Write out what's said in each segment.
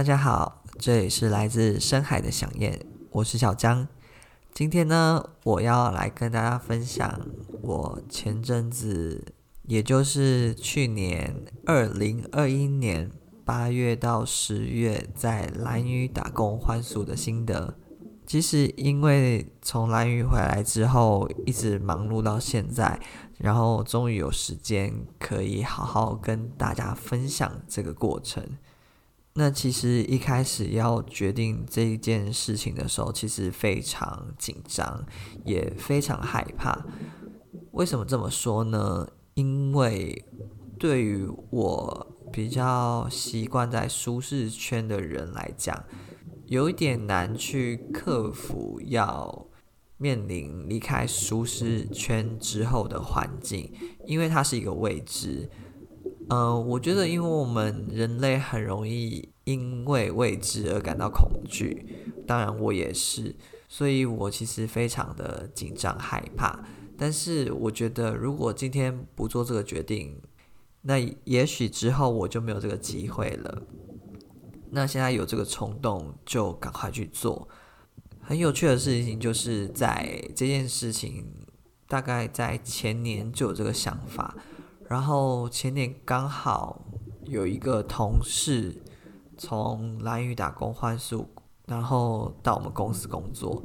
大家好，這裡是來自深海的想念。我是小江。今天呢，我要來跟大家分享我前陣子，也就是去年二零二一年八月到十月在蘭嶼打工換宿的心得。其實因為從蘭嶼回來之後，一直忙碌到現在，然後終於有時間可以好好跟大家分享這個過程。那其實一開始要決定這一件事情的時候，其實非常緊張，也非常害怕。為什麼這麼說呢？因為對於我比較習慣在舒適圈的人來講，有一點難去克服要面臨離開舒適圈之後的環境，因為它是一個未知。呃，我覺得，因為我們人類很容易因為未知而感到恐懼，當然我也是，所以我其實非常的緊張害怕。但是我覺得，如果今天不做這個決定，那也許之後我就沒有這個機會了。那現在有這個衝動，就趕快去做。很有趣的事情，就是在這件事情，大概在前年就有這個想法。然後前年剛好有一個同事從蘭嶼打工換宿，然後到我們公司工作，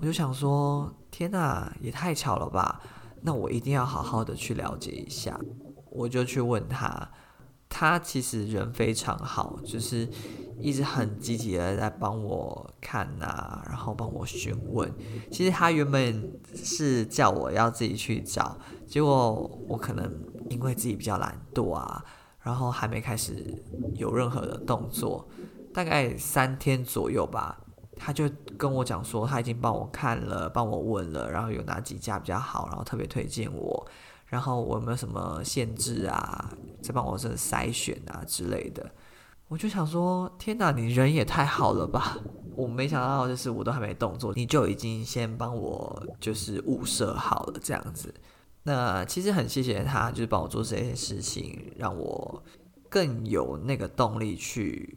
我就想說，天吶，也太巧了吧！那我一定要好好的去了解一下，我就去問他。他其實人非常好，就是一直很積極的在幫我看啊，然後幫我詢問。其實他原本是叫我要自己去找，結果我可能因為自己比較懶惰啊，然後還沒開始有任何的動作，大概三天左右吧，他就跟我講說他已經幫我看了，幫我問了，然後有哪幾家比較好，然後特別推薦我。然後我有沒有什麼限制啊？在幫我這篩選啊之類的，我就想說，天哪，你人也太好了吧！我沒想到，就是我都還沒動作，你就已經先幫我就是物色好了這樣子。那其實很謝謝他，就是幫我做這些事情，讓我更有那個動力去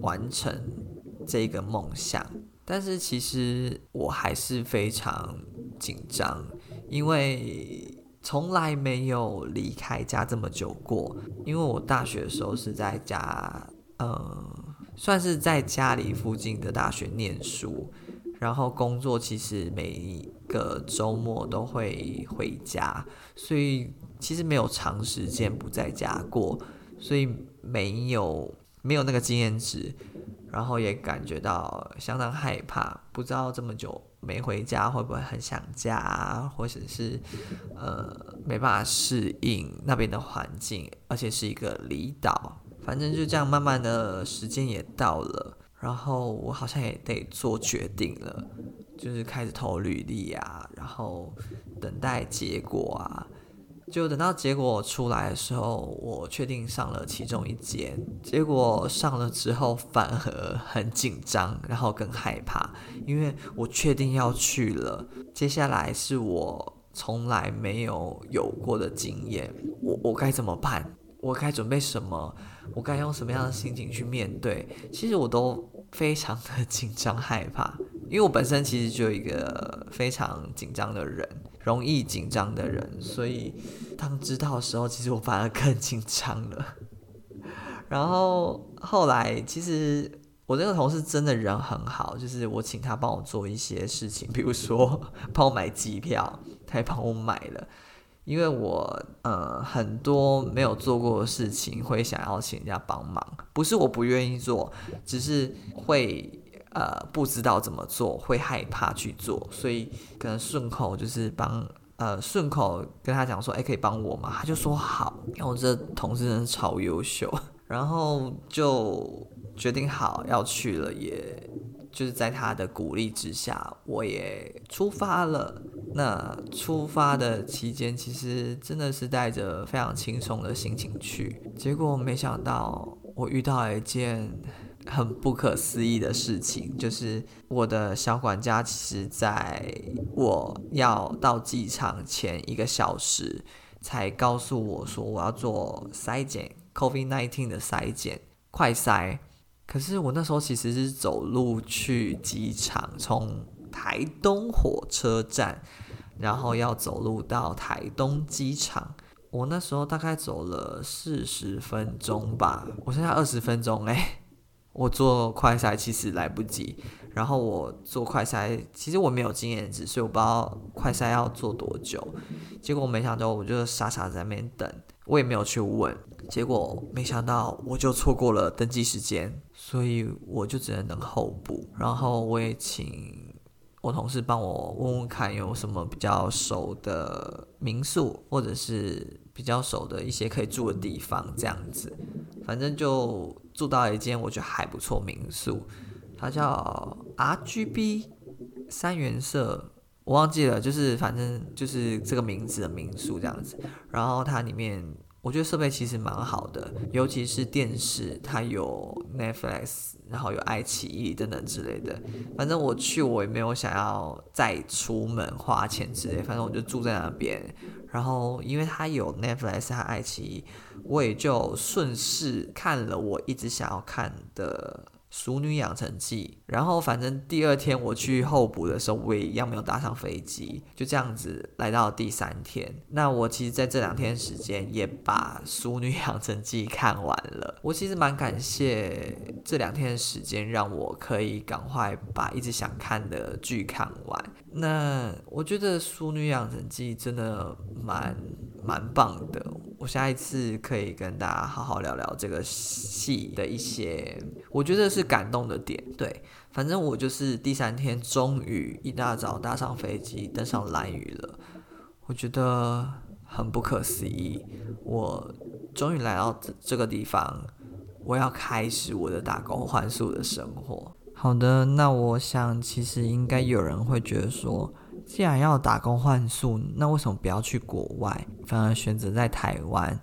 完成這個夢想。但是其實我還是非常緊張，因為，從來沒有離開家這麼久過，因為我大學的時候是在家，嗯，算是在家裡附近的大學念書，然後工作其實每一個週末都會回家，所以其實沒有長時間不在家過，所以沒有沒有那個經驗值，然後也感覺到相當害怕，不知道這麼久。沒回家會不會很想家啊？或者是呃沒辦法適應那邊的環境，而且是一個離島，反正就這樣，慢慢的時間也到了，然後我好像也得做決定了，就是開始投履歷啊，然後等待結果啊。就等到結果出來的時候，我確定上了其中一間。結果上了之後，反而很緊張，然後更害怕，因為我確定要去了。接下來是我從來沒有有過的經驗，我我該怎麼辦？我該準備什麼？我該用什麼樣的心情去面對？其實我都非常的緊張、害怕。因為我本身其實就有一個非常緊張的人，容易緊張的人，所以當知道的時候，其實我反而更緊張了。然後後來，其實我那個同事真的人很好，就是我請他幫我做一些事情，比如說，幫我買機票，他也幫我買了。因為我呃很多沒有做過的事情，會想要請人家幫忙，不是我不願意做，只是會。呃，不知道怎麼做，會害怕去做，所以可能順口就是幫，呃，順口跟他講說，欸，可以幫我嗎？他就說好，然後這同事真的是超優秀，然後就決定好要去了，也就是在他的鼓勵之下，我也出發了。那出發的期間，其實真的是帶着非常輕鬆的心情去，結果沒想到我遇到了一件。很不可思議的事情，就是我的小管家其實在我要到機場前一個小時才告訴我說我要做篩檢，COVID-19 的篩檢，快篩。可是我那時候其實是走路去機場，從台東火車站，然後要走路到台東機場。我那時候大概走了四十分鐘吧，我剩下二十分鐘哎、欸。我做快篩其實來不及，然後我做快篩其實我沒有經驗值，所以我不知道快篩要做多久。結果我沒想到，我就傻傻在那邊等，我也沒有去問。結果沒想到，我就錯過了登記時間，所以我就只能等候補。然後我也請我同事幫我問問看，有什麼比較熟的民宿，或者是比較熟的一些可以住的地方，這樣子，反正就。住到一間我覺得還不錯的民宿，它叫 R G B 三原色，我忘記了，就是反正就是這個名字的民宿這樣子。然後它裡面我覺得設備其實蠻好的，尤其是電視，它有 Netflix。然後有愛奇藝等等之類的，反正我去我也沒有想要再出門花錢之類，反正我就住在那邊。然後因為它有 Netflix 和愛奇藝，我也就順勢看了我一直想要看的。《熟女養成記》，然後反正第二天我去候補的時候，我也一樣沒有搭上飛機，就這樣子來到第三天。那我其實在這兩天的時間也把《熟女養成記》看完了。我其實蠻感謝這兩天的時間，讓我可以趕快把一直想看的劇看完。那我覺得《淑女養成記》真的蠻蠻棒的，我下一次可以跟大家好好聊聊這個戲的一些，我覺得是感動的點。對，反正我就是第三天，終於一大早搭上飛機登上蘭嶼了，我覺得很不可思議，我終於來到這、這個地方，我要開始我的打工換宿的生活。好的，那我想其實應該有人會覺得說，既然要打工換宿，那為什麼不要去國外，反而選擇在台灣？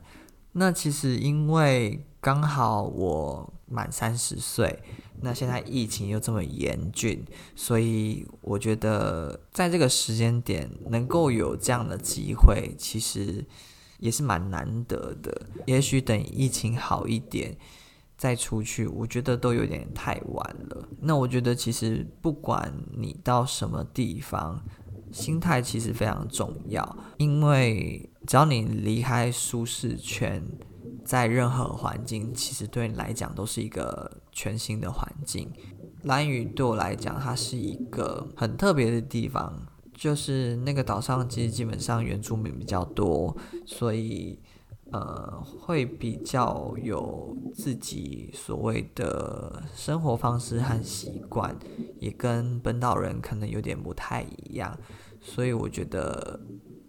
那其實因為剛好我滿三十歲，那現在疫情又這麼嚴峻，所以我覺得在這個時間點能夠有這樣的機會，其實也是蠻難得的。也許等疫情好一點。再出去，我覺得都有點太晚了。那我覺得其實不管你到什麼地方，心態其實非常重要，因為只要你離開舒適圈，在任何環境，其實對你來講都是一個全新的環境。蘭嶼對我來講，它是一個很特別的地方，就是那個島上其實基本上原住民比較多，所以。呃，會比較有自己所謂的生活方式和習慣，也跟本島人可能有點不太一樣，所以我覺得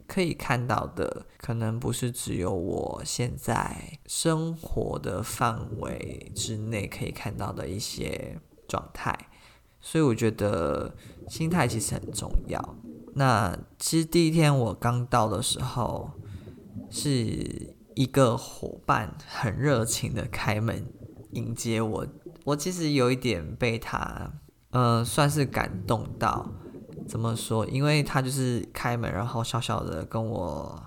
可以看到的可能不是只有我現在生活的範圍之內可以看到的一些狀態，所以我覺得心態其實很重要。那其實第一天我剛到的時候是。一個夥伴很熱情的開門迎接我，我其實有一點被他，呃，算是感動到。怎麼說？因為他就是開門，然後笑笑的跟我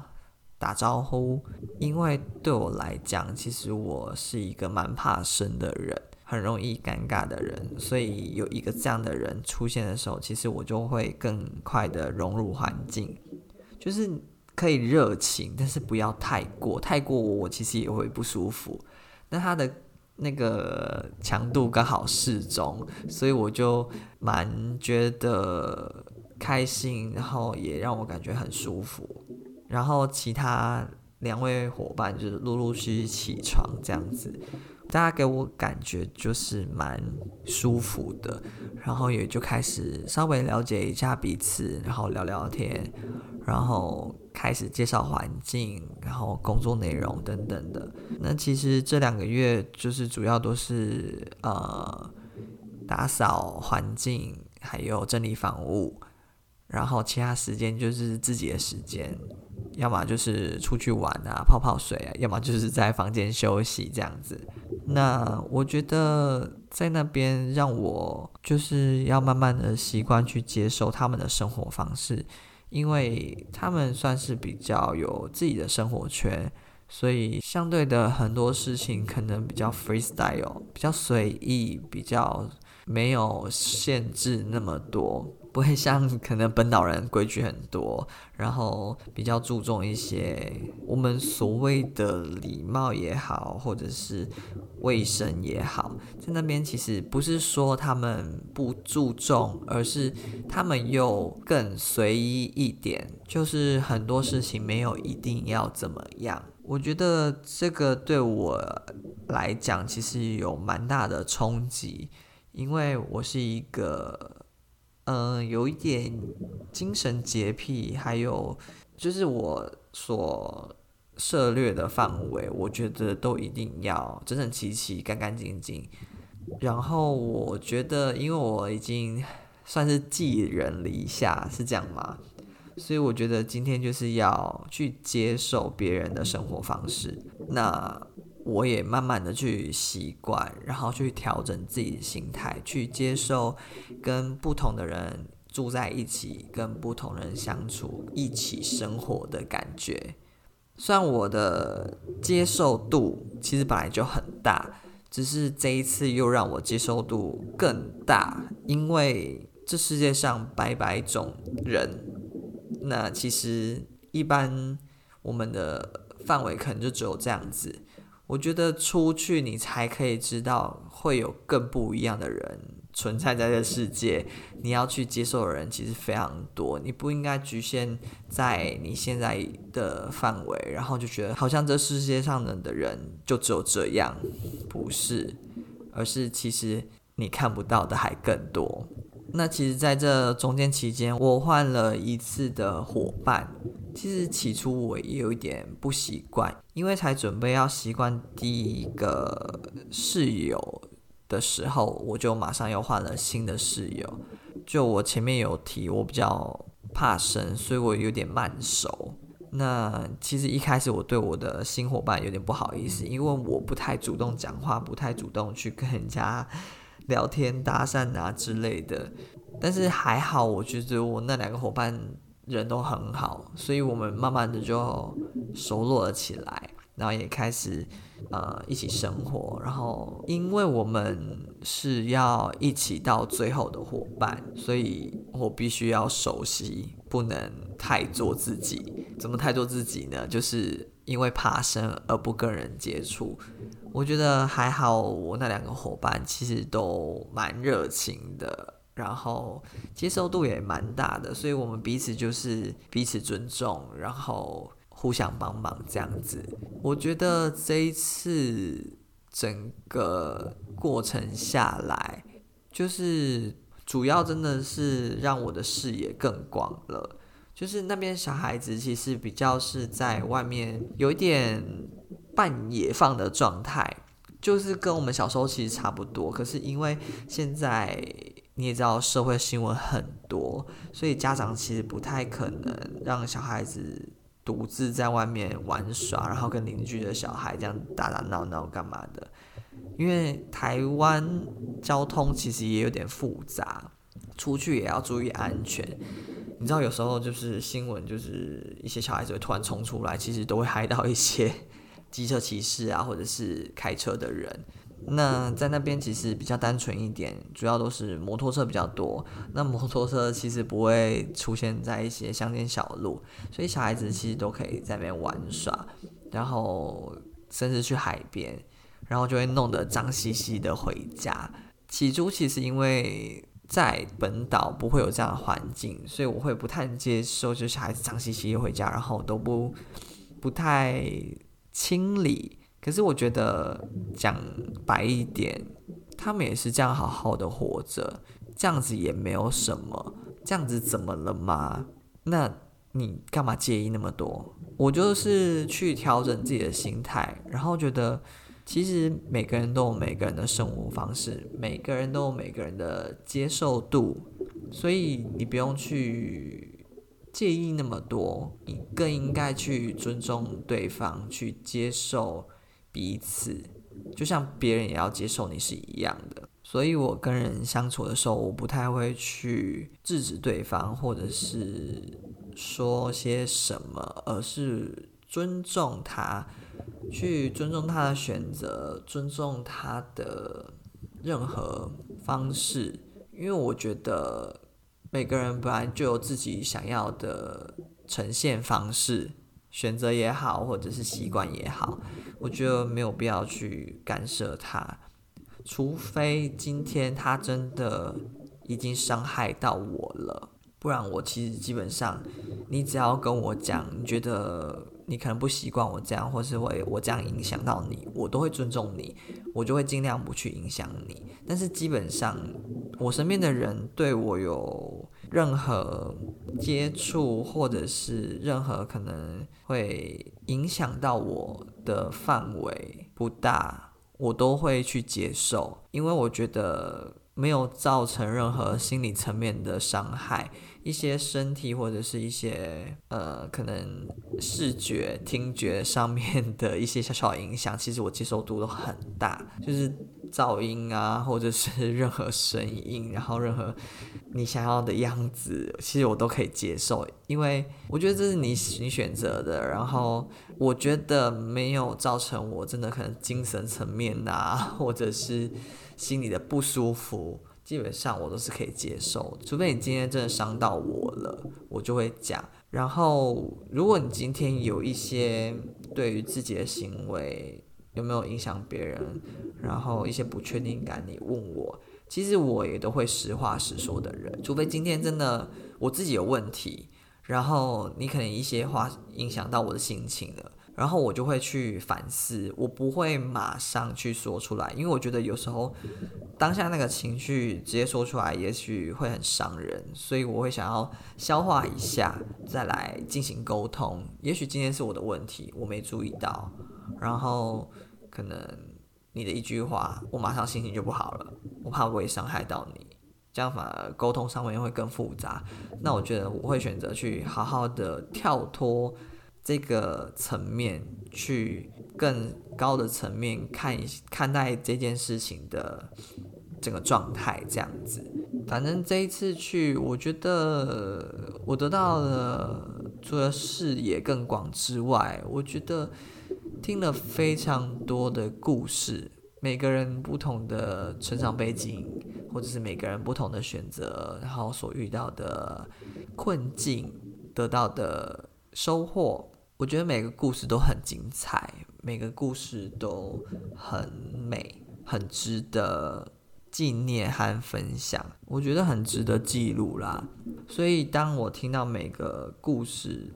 打招呼。因為對我來講，其實我是一個蠻怕生的人，很容易尷尬的人，所以有一個這樣的人出現的時候，其實我就會更快的融入環境，就是。可以熱情，但是不要太過，太過我，我其實也會不舒服。那他的那個強度剛好適中，所以我就蠻覺得開心，然後也讓我感覺很舒服。然後其他兩位夥伴就是陸陸續續起床這樣子，大家給我感覺就是蠻舒服的，然後也就開始稍微了解一下彼此，然後聊聊天，然後。開始介紹環境，然後工作內容等等的。那其實這兩個月就是主要都是，呃，打掃環境，還有整理房屋，然後其他時間就是自己的時間，要麼就是出去玩啊、泡泡水啊，要麼就是在房間休息這樣子。那我覺得在那邊讓我就是要慢慢的習慣去接受他們的生活方式。因為他們算是比較有自己的生活圈，所以相對的很多事情可能比較 freestyle，比較隨意，比較沒有限制那麼多。不會像可能本島人規矩很多，然後比較注重一些我們所謂的禮貌也好，或者是衛生也好，在那邊其實不是說他們不注重，而是他們又更隨意一點，就是很多事情沒有一定要怎麼樣。我覺得這個對我來講其實有蠻大的衝擊，因為我是一個。嗯、呃，有一點精神潔癖，還有就是我所涉獵的範圍，我覺得都一定要整整齊齊、乾乾淨淨。然後我覺得，因為我已經算是寄人籬下，是這樣嗎？所以我覺得今天就是要去接受別人的生活方式。那。我也慢慢的去習慣，然後去調整自己的心態，去接受跟不同的人住在一起，跟不同人相處，一起生活的感覺。雖然我的接受度其實本來就很大，只是這一次又讓我接受度更大，因為這世界上百百種人，那其實一般我們的範圍可能就只有這樣子。我覺得出去，你才可以知道會有更不一樣的人存在在這個世界。你要去接受的人其實非常多，你不應該局限在你現在的範圍，然後就覺得好像這世界上的的人就只有這樣，不是，而是其實你看不到的還更多。那其實，在這中間期間，我換了一次的夥伴。其實起初我也有一點不習慣，因為才準備要習慣第一個室友的時候，我就馬上又換了新的室友。就我前面有提，我比較怕生，所以我有點慢熟。那其實一開始我對我的新夥伴有點不好意思，因為我不太主動講話，不太主動去跟人家。聊天、搭訕啊之類的，但是還好，我覺得我那兩個夥伴人都很好，所以我們慢慢的就熟絡了起來，然後也開始呃一起生活。然後因為我們是要一起到最後的夥伴，所以我必須要熟悉，不能太做自己。怎麼太做自己呢？就是因為怕生而不跟人接觸。我覺得還好，我那兩個夥伴其實都蠻熱情的，然後接受度也蠻大的，所以我們彼此就是彼此尊重，然後互相幫忙這樣子。我覺得這一次整個過程下來，就是主要真的是讓我的視野更廣了。就是那邊小孩子其實比較是在外面有一點半野放的狀態，就是跟我們小時候其實差不多。可是因為現在你也知道社會新聞很多，所以家長其實不太可能讓小孩子獨自在外面玩耍，然後跟鄰居的小孩這樣打打鬧鬧幹嘛的。因為台灣交通其實也有點複雜，出去也要注意安全。你知道有時候就是新聞，就是一些小孩子會突然衝出來，其實都會害到一些機車騎士啊，或者是開車的人。那在那邊其實比較單純一點，主要都是摩托車比較多。那摩托車其實不會出現在一些鄉間小路，所以小孩子其實都可以在那邊玩耍，然後甚至去海邊，然後就會弄得髒兮兮的回家。起初其實因為。在本島不會有這樣的環境，所以我會不太接受，就是小孩子髒兮兮回家，然後都不不太清理。可是我覺得講白一點，他們也是這樣好好的活着，這樣子也沒有什麼，這樣子怎麼了嗎？那你幹嘛介意那麼多？我就是去調整自己的心態，然後覺得。其實每個人都有每個人的生活方式，每個人都有每個人的接受度，所以你不用去介意那麼多，你更應該去尊重對方，去接受彼此，就像別人也要接受你是一樣的。所以我跟人相處的時候，我不太會去制止對方，或者是說些什麼，而是尊重他。去尊重他的選擇，尊重他的任何方式，因為我覺得每個人本來就有自己想要的呈現方式，選擇也好，或者是習慣也好，我覺得沒有必要去干涉他，除非今天他真的已經傷害到我了，不然我其實基本上，你只要跟我講，你覺得。你可能不習慣我這樣，或是會我這樣影響到你，我都會尊重你，我就會盡量不去影響你。但是基本上，我身邊的人對我有任何接觸，或者是任何可能會影響到我的範圍不大，我都會去接受，因為我覺得沒有造成任何心理層面的傷害。一些身體或者是一些呃，可能視覺、聽覺上面的一些小小影響，其實我接受度都很大。就是噪音啊，或者是任何聲音，然後任何你想要的樣子，其實我都可以接受。因為我覺得這是你你選擇的，然後我覺得沒有造成我真的可能精神層面啊，或者是心理的不舒服。基本上我都是可以接受，除非你今天真的傷到我了，我就會講。然後，如果你今天有一些對於自己的行為有沒有影響別人，然後一些不確定感，你問我，其實我也都會實話實說的人，除非今天真的我自己有問題，然後你可能一些話影響到我的心情了。然後我就會去反思，我不會馬上去說出來，因為我覺得有時候當下那個情緒直接說出來，也許會很傷人，所以我會想要消化一下，再來進行溝通。也許今天是我的問題，我沒注意到，然後可能你的一句話，我馬上心情就不好了，我怕我會傷害到你，這樣反而溝通上面會更複雜。那我覺得我會選擇去好好的跳脫，這個層面，去更高的層面看，看待這件事情的整個狀態，這樣子。反正這一次去，我覺得我得到了除了視野更廣之外，我覺得聽了非常多的故事，每個人不同的成長背景，或者是每個人不同的選擇，然後所遇到的困境，得到的收穫。我覺得每個故事都很精彩，每個故事都很美，很值得紀念和分享。我覺得很值得記錄啦。所以當我聽到每個故事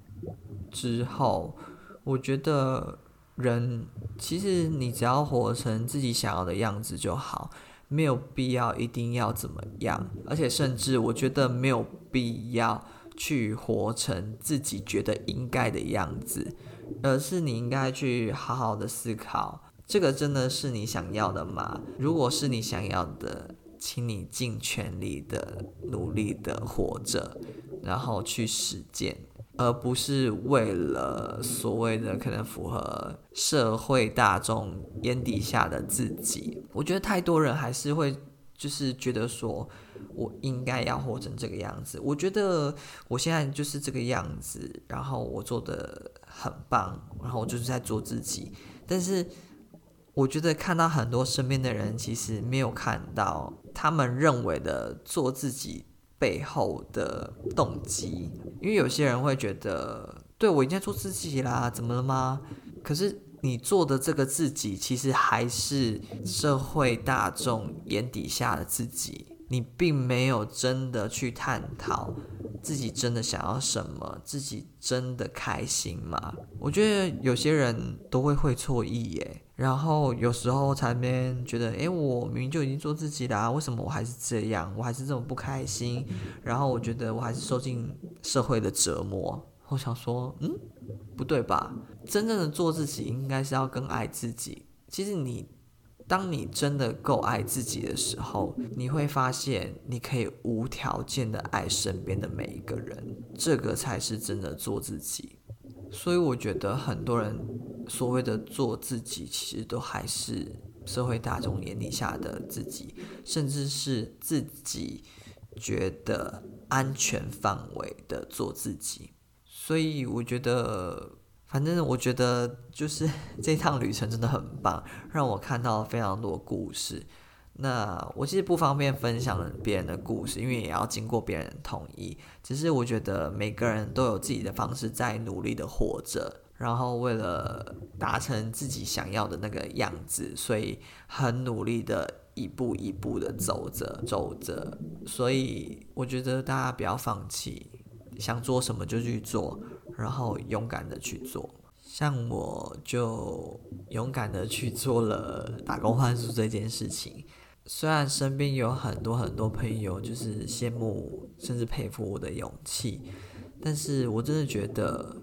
之後，我覺得人其實你只要活成自己想要的樣子就好，沒有必要一定要怎麼樣。而且甚至我覺得沒有必要。去活成自己覺得應該的樣子，而是你應該去好好的思考，這個真的是你想要的嗎？如果是你想要的，請你盡全力的努力的活着，然後去實踐，而不是為了所謂的可能符合社會大眾眼底下的自己。我覺得太多人還是會就是覺得說。我應該要活成這個樣子，我覺得我現在就是這個樣子，然後我做得很棒，然後我就是在做自己。但是我覺得看到很多身邊的人，其實沒有看到他們認為的做自己背後的動機，因為有些人會覺得，對，我應該做自己啦，怎麼了嗎？可是你做的這個自己，其實還是社會大眾眼底下的自己。你並沒有真的去探討自己真的想要什麼，自己真的開心嗎？我覺得有些人都會會錯意耶。然後有時候才面覺得，誒、欸，我明明就已經做自己啦，啊，為什麼我還是這樣？我還是這麼不開心？然後我覺得我還是受盡社會的折磨。我想說，嗯，不對吧？真正的做自己，應該是要更愛自己。其實你。當你真的夠愛自己的時候，你會發現你可以無條件地愛身邊的每一個人，這個才是真的做自己。所以我覺得很多人所謂的做自己，其實都還是社會大眾眼底下的自己，甚至是自己覺得安全範圍的做自己。所以我覺得。反正我覺得就是這趟旅程真的很棒，讓我看到了非常多故事。那我其實不方便分享別人的故事，因為也要經過別人同意。只是我覺得每個人都有自己的方式在努力的活着，然後為了達成自己想要的那個樣子，所以很努力的一步一步的走着，走着。所以我覺得大家不要放棄。想做什麼就去做，然後勇敢的去做。像我就勇敢的去做了打工換宿這件事情。雖然身邊有很多很多朋友就是羨慕甚至佩服我的勇氣，但是我真的覺得，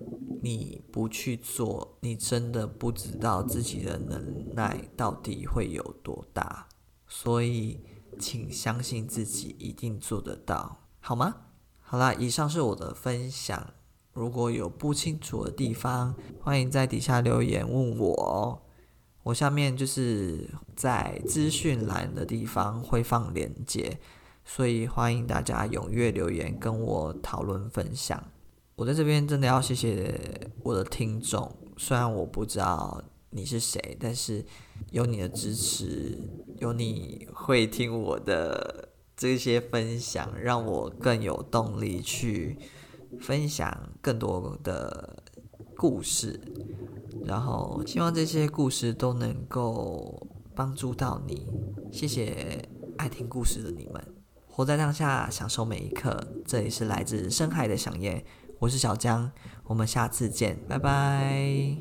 你不去做，你真的不知道自己的能耐到底會有多大。所以，請相信自己一定做得到，好嗎？好啦，以上是我的分享。如果有不清楚的地方，歡迎在底下留言問我。我下面就是在資訊欄的地方會放鏈接，所以歡迎大家踴躍留言跟我討論分享。我在這邊真的要謝謝我的聽眾，雖然我不知道你是誰，但是有你的支持，有你會聽我的。這些分享讓我更有動力去分享更多的故事，然後希望這些故事都能夠幫助到你。謝謝愛聽故事的你們，活在當下，享受每一刻。這裡是來自深海的響夜，我是小江，我們下次見，拜拜。